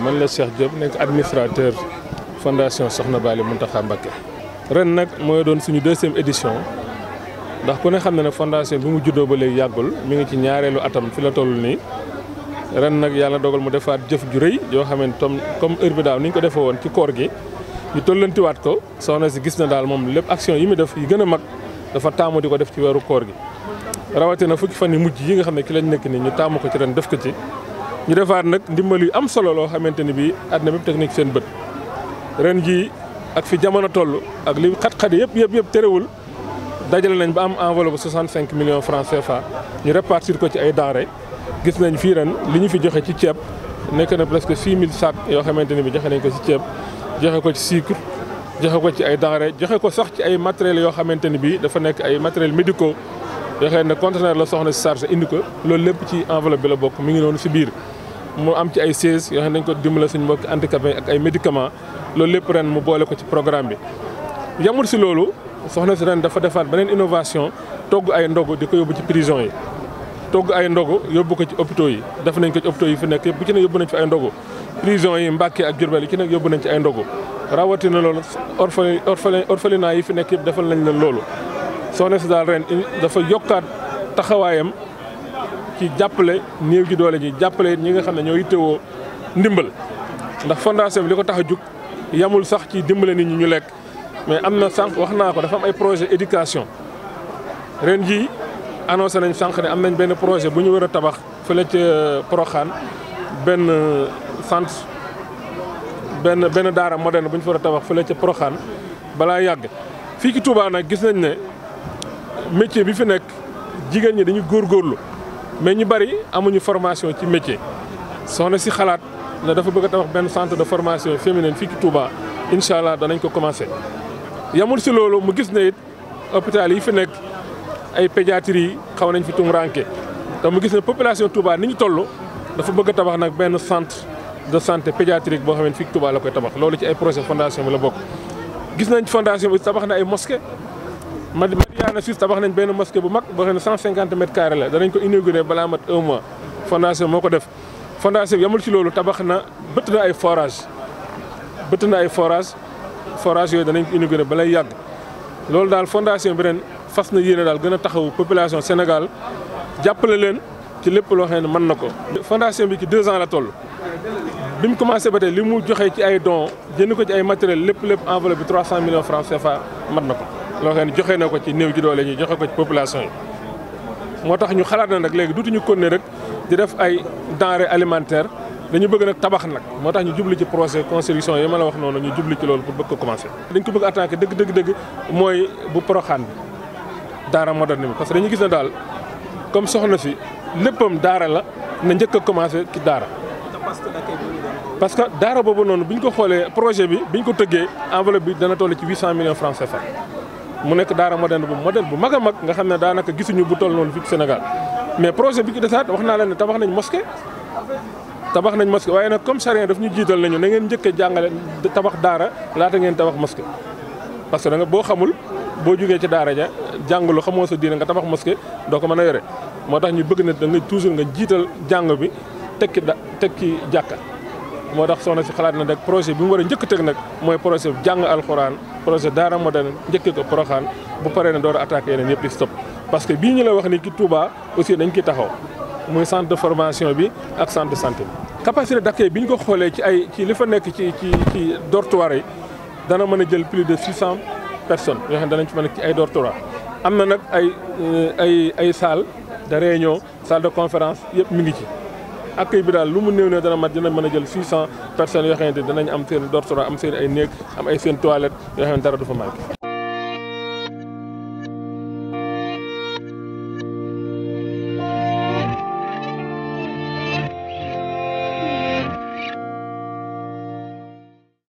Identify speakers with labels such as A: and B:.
A: man la Cheikh Diop nekk administrateur fondation Soxna Bally Mountakha Mbacké ren nag mooy doon suñu deuxième édition ndax ku ne xam ne ne fondation bi mu juddoo ba léegi yàggul mu ngi ci ñaareelu atam fi la toll nii ren nag yàlla dogal mu defaat jëf ju rëy yoo xam tom comme heure bi daaw ni ñu ko defee woon ci koor gi ñu tollantiwaat ko soxna si gis na daal moom lépp action yi mu def yi gën a mag dafa taamu di ko def ci weeru koor gi rawatina fukki fan yi mujj yi xam ne ki lañ nekk nii ñu taamu ko ci ren def ko ci ñu defaat nag ndimbal yi am solo loo xamante ni bii àddina bépp technique seen bët ren jii ak fi jamono toll ak li xat-xat yëpp yëpp yëpp terewul dajale nañ ba am enveloppe cinq millions francs CFA ñu répartir ko ci ay denrées gis nañ fii ren li ñu fi joxe ci ceeb nekk na presque 6 000 sacs yoo xamante ni bi joxe nañ ko ci ceeb joxe ko ci sucre joxe ko ci ay denrées joxe ko sax ci ay matériels yoo xamante ni bii dafa nekk ay matériels médicaux yoo ne conteneur la soxna si charge indi ko loolu lépp ci enveloppe la bokk mi ngi noonu si biir. mu am ci ay sièges yoo nañ ne dañ ko dimbale suñu mbokki handicapé ak ay médicaments loolu lépp ren mu boole ko ci programme bi. yamul si loolu soxna si ren dafa defaat beneen innovation togg ay ndogu di ko yóbbu ci prison yi togg ay ndogu yóbbu ko ci hôpitaux yi def nañ ko ci hôpitaux yi fi nekk yëpp bu ci ne yóbbu nañ fi ay ndogu prison yi Mbàkke ak Jurbel yi ci nekk yóbbu nañ ci ay ndogu rawatina loolu orphelin orphelin orphelinat yi fi nekk yëpp defal nañ leen loolu soxna si daal ren dafa yokkaat taxawaayam. ci jàppale néew ji doole ji jàppale ñi nga xam ne ñoo yittewoo ndimbal ndax fondation bi li ko tax a jug yamul sax ci dimbale nit ñi ñu lekk mais am na sànq wax naa ko dafa am ay projet éducation ren jii annoncé nañ sànq ne am nañ benn projet bu ñu war a tabax fële ca euh, Porokhane benn euh, centre benn benn daara moderne bu ñu fa a tabax fële ca Porokhane balaa yàgg fii ci Touba nag gis nañ ne métier bi fi nekk jigéen ñi dañu góorgóorlu mais ñu bari amuñu formation ci métier soxna si xalaat ne dafa bëgg a tabax benn centre de formation féminine fii ci Touba incha allah danañ ko commencé. yamul si loolu mu gis ne it hôpital yi fi nekk ay pédiatrie yi xaw nañ fi tumuraanke te mu gis ne population Touba ni ñu toll dafa bëgg a tabax nag benn centre de santé pédiatrique boo xam ne fii Touba la koy tabax loolu ci ay projet fondation bi la bokk. gis nañ fondation bi tabax na ay mosquée Madiyana Suisse tabax nañ benn mosquée bu mag boo xam ne 150 mètres carrés la danañ ko inauguré balaa mat un mois fondation moo ko def fondation bi yamul ci loolu tabax na bëtt na ay forage bëtt na ay forage forage yooyu danañ ko inauguré balay yàgg loolu daal fondation bi ren fas na yéene daal gën a taxaw population Sénégal jàppale leen ci lépp loo xam ne mën na ko. fondation bi ci deux ans la toll bi mu commencé ba tey li mu joxe ci ay don jënd ko ci ay matériel lépp lépp enveloppe bi 300 millions francs CFA mat na ko. loo xam ne joxe na ko ci néew ji doole ñi joxe ko ci population yi moo tax ñu xalaat na nag léegi dutuñu continuer rek di def ay denrée alimentaire dañu bëgg nag tabax nag moo tax ñu jubli ci procès construction yi ma la wax noonu ñu jubli ci loolu pour bëgg ko commencer. dañ ko bëgg attaquer dëgg dëgg mooy bu Porokhane bi daara moderne bi parce que dañu gis na daal comme soxna fi léppam daara la na njëkk a commencer ci daara. parce que daara boobu noonu bi ko xoolee projet bi bi ko tëggee enveloppe bi dana toll ci huit cent millions francs CFA. mu nekk daara moderne bu modèle bu mag a mag nga xam ne daanaka gisuñu bu toll noonu fii ci Sénégal mais projet bi ci desaat wax naa leen ne tabax nañ mosquée tabax nañ mosquée waaye nag comme charia daf ñu jiital nañu na ngeen njëkk a jàngale tabax daara laata ngeen tabax mosquée parce que da nga boo xamul boo jógee ca daara ja jàng jàngalu xamoo sa diine nga tabax mosquée doo ko mën a yore moo tax ñu bëgg na da nga nga jiital jàng bi tekki da tekki jàkka moo tax soxna si xalaat na nag projet bi mu war a njëkk teg nag mooy projet jàng alxuraan projet daara moderne njëkkee ko Poroxaan bu paree na door a attaqué yeneen yëpp di stop parce que bii ñu la wax ni ki Touba aussi dañ ki taxaw muy centre de formation bi ak centre de santé bi capacité d'accueil bi ñu ko xoolee ci ay ci li fa nekk ci ci ci dortoir yi dana mën a jël plus de six cent personnes yoo xam ne danañ ci mën a ci ay dortoir am na nag ay euh, ay ay salle de réunion salle de conférence yëpp mi ngi ci accueil bi daal lu mu néew ne dana mat dinañ mën a jël 600 personnes yoo xamante danañ am seen dortoir am seen ay néeg am ay seen toilette yoo dara du fa manqué